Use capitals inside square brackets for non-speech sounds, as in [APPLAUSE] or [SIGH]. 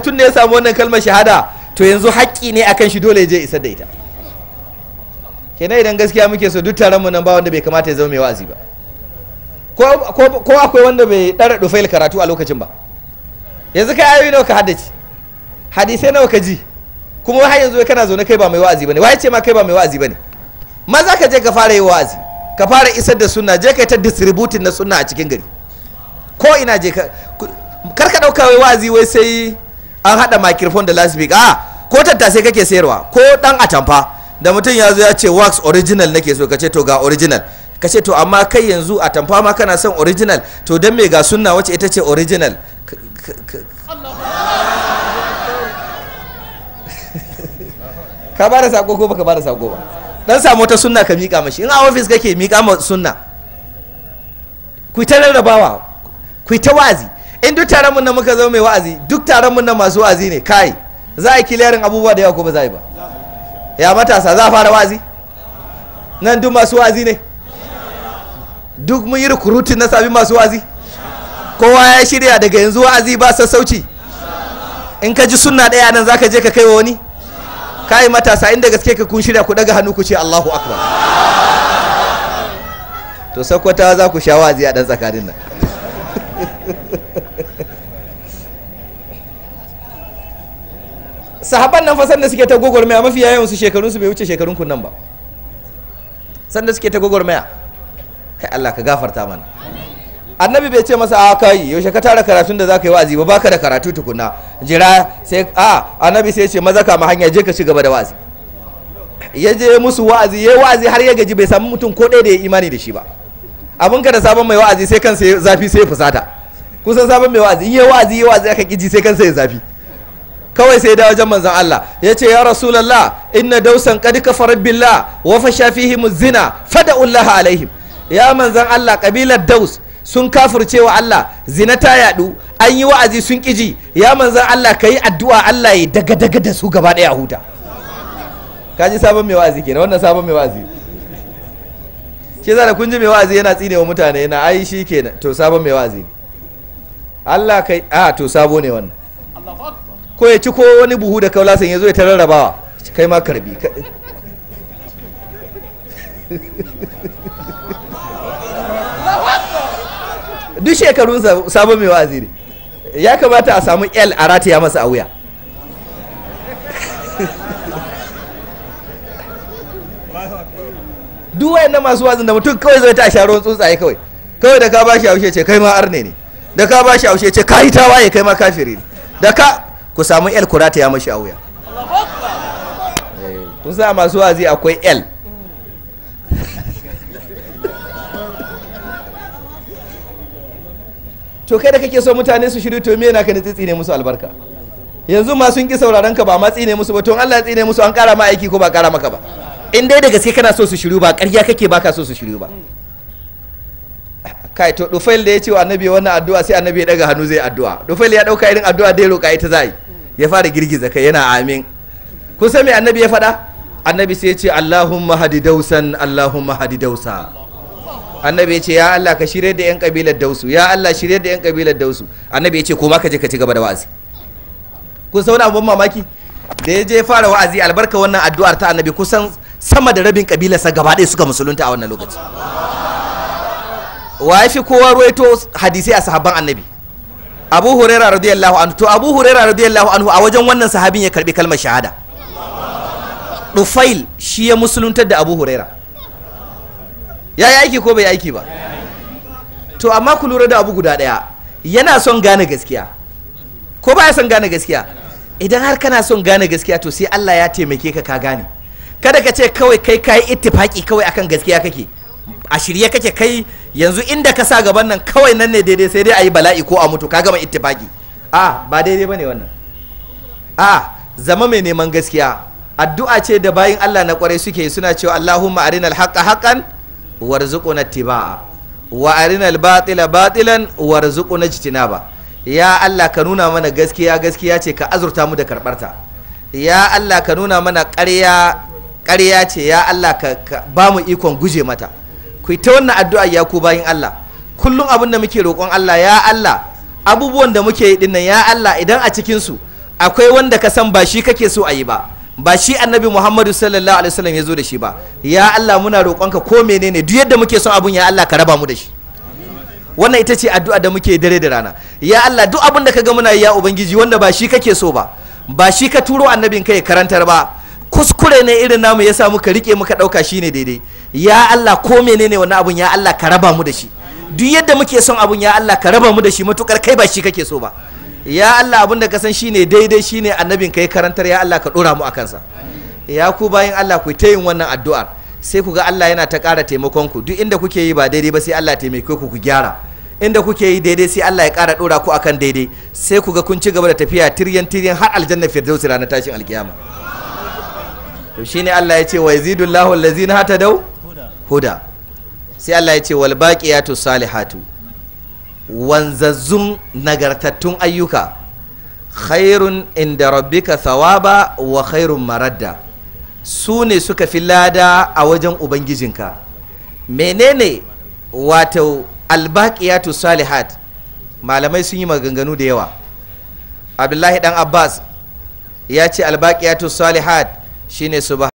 tun da ya samu wannan kalmar shahada to yanzu haƙƙi ne akan shi dole je isar da ita kenan idan gaskiya muke so duk taron mu nan ba wanda bai kamata ya zama mai wa'azi ba ko akwai wanda bai ɗara dufail karatu a lokacin ba yanzu kai ayoyi nawa ka haddace hadisai nawa ka ji kuma har yanzu kana zaune kai ba mai wa'azi bane wai ce ma kai ba mai wa'azi bane maza ka je ka fara yi wa'azi ka fara isar da sunna je kai ta distributing na sunna a cikin gari ko ina je ka kar ka dauka wai wa'azi wai sai an haɗa microphone da loudspeaker a ah, ko tattase kake sayarwa ko dan atamfa da mutum ya zo ya ce wax original nake so kace to ga original kace to amma kai yanzu atamfa ma kana son original to don me ga sunna wacce ita ce original ka ba da sako ko baka ba da sako ba dan samu ta sunna ka miƙa mashi in a ofis kake miƙa ma sunna ku ta rarrabawa ku ta wazi in duk taron mun nan muka zama mai wa'azi duk taron mun nan masu wa'azi ne kai za a yi kilerin abubuwa da yawa ko ba za a yi ba ya matasa za a fara wa'azi nan duk masu wa'azi ne duk mun yi rukurutun na sabi masu wa'azi kowa ya shirya daga yanzu wa'azi ba sassauci in ka ji sunna ɗaya nan za ka je ka kai wa wani kai matasa inda gaske ka kun shirya ku daga hannu ku ce Allahu akbar to sakwata za ku sha wa'azi a ɗan tsakanin nan [LAUGHS] sahaban nan fa da suke ta gwagwarmaya mafi yayin su shekarun su bai wuce shekarun kunnan ba san da suke ta gwagwarmaya kai Allah ka gafarta mana annabi bai ce masa a kai yaushe ka tara karatun da zaka yi wa'azi ba baka da karatu tukuna jira sai a annabi sai ce maza ka ma hanya je ka ci gaba da wa'azi ya je musu wa'azi yayi wa'azi har ya gaji bai samu mutum ko ɗaya da ya imani da shi ba abin ka da sabon mai wa'azi sai kansa ya zafi sai ya fusata kusan sabon mai wa'azi in ya wa'azi ya wa'azi aka kiji sai kansa ya zafi kawai sai da wajen manzon Allah ya ce ya rasulallah inna dausan qad kafara billah wa shafihi fihim zina fada'ullah alaihim ya manzon Allah kabilar daus sun kafirce wa Allah zina ta yadu an yi wa'azi sun kiji ya manzon Allah kai addu'a Allah ya daga daga da su gaba daya huta kaji sabon mai wa'azi kenan wannan sabon mai wa'azi shi zara kun ji mai wa'azi yana tsine wa mutane yana ai shi ke to sabon mai wa'azi ne Allah kai a to sabo ne wannan ko ya ci ko wani buhu da kaulasan ya zo ya tararrabawa kai ma karbi duk shekarun sabon mai wa'azi ne ya kamata a samu l a rataya masa a wuya duk wayannan masu wazin da mutum kawai zai ta sharon tsuntsaye kawai kawai da ka ba shi haushe ce kai ma arne ne da ka ba shi haushe ce kai ta waye kai ma kafiri ne da ka ku samu el kurata ya mashi auya eh, kun sa masu wazi akwai el [LAUGHS] to kai da kake so mutane su shiru to me yana ka nitsi ne musu albarka yanzu ma sun ki sauraron ka ba ma tsine musu ba to Allah ya tsine musu an kara ma aiki ko ba kara maka ba in dai da gaske kana so su shiru ba ƙarya kake baka so su shiru ba kai to dufail da ya ce wa annabi wannan addu'a sai annabi ya daga hannu zai addu'a dufail ya dauka irin addu'a da ya roƙa ita zai ya fara girgiza kai yana amin kun san me annabi ya faɗa annabi sai ya ce allahumma hadi dausan allahumma hadi dausa annabi ya ce ya Allah ka shirye da yan kabilar dausu ya Allah shirye da yan kabilar dausu annabi ya ce koma ka je ka ci gaba da wa'azi kun san wani abun mamaki da ya je fara wa'azi albarka wannan addu'ar ta annabi kusan sama da rabin kabilarsa gaba ɗaya suka musulunta a wannan lokaci wa fi kowa ruwaito hadisai a sahabban annabi abu huraira radiyallahu anhu to abu huraira radiyallahu anhu a wajen wannan sahabin ya karbi kalmar shahada Dufail shi ya musuluntar da abu huraira ya yi aiki ko bai aiki ba to amma ku lura da abu guda ɗaya yana son gane gaskiya ko ba ya son gane gaskiya idan har kana son gane gaskiya to sai allah ya taimake ka ka gane kada ka ce kawai kai ka yi ittifaki kawai akan gaskiya kake a shirye kake kai yanzu inda ka sa gaban nan kawai nan ne daidai sai dai a yi bala'i ko a mutu ka gama ittifaki a ba daidai ba ne wannan a zama mai neman gaskiya addu'a ce da bayin Allah na kwarai suke suna cewa Allahumma arinal haqqa haqqan warzuqna ittiba'a wa arinal batila batilan warzuqna ijtinaba ya Allah ka nuna mana gaskiya gaskiya ce ka azurta mu da karbarta ya Allah ka nuna mana ƙarya ƙarya ce ya Allah ka, ba mu ikon guje mata ku ta wannan addu'a ya ku bayin Allah kullum abin da muke roƙon Allah ya Allah abubuwan da muke yi dinnan ya Allah idan a cikin su akwai wanda ka san ba shi kake so a yi ba ba shi annabi Muhammadu sallallahu alaihi wasallam ya zo da shi ba ya Allah muna roƙonka ko menene duk yadda muke son abun ya Allah ka raba mu da shi wannan ita ce addu'a da muke dare da rana ya Allah duk abin da ka ga muna yi ya ubangiji wanda ba shi kake so ba ba shi ka turo annabin kai karantar ba kuskure ne irin namu ya sa muka rike muka dauka shine daidai ya Allah ko menene wani abun ya Allah ka raba mu da shi duk yadda muke son abun ya Allah ka raba mu da shi matukar kai ba shi kake so ba ya Allah abun da ka san shine daidai shine annabin kai karantar ya Allah ka dora mu akan sa ya ku bayin Allah ku ta yin wannan addu'a sai ku ga Allah yana ta ƙara taimakon ku duk inda kuke yi ba daidai ba sai Allah taimake ku ku gyara inda kuke yi daidai sai Allah ya ƙara dora ku akan daidai sai ku ga kun ci gaba da tafiya tiryan tiryan har aljanna firdausi ranar tashin alkiyama to shine Allah ya ce wa Allahu allazina hatadau huda sai Allah ya ce wal baqiyatu salihatu wanzazzun nagartattun ayyuka khairun inda rabbika thawaba wa khairun maradda su ne suka fi lada a wajen ubangijinka menene wato albaqiyatu salihat malamai sun yi maganganu da yawa abdullahi dan abbas ya ce albaqiyatu salihat shine ba.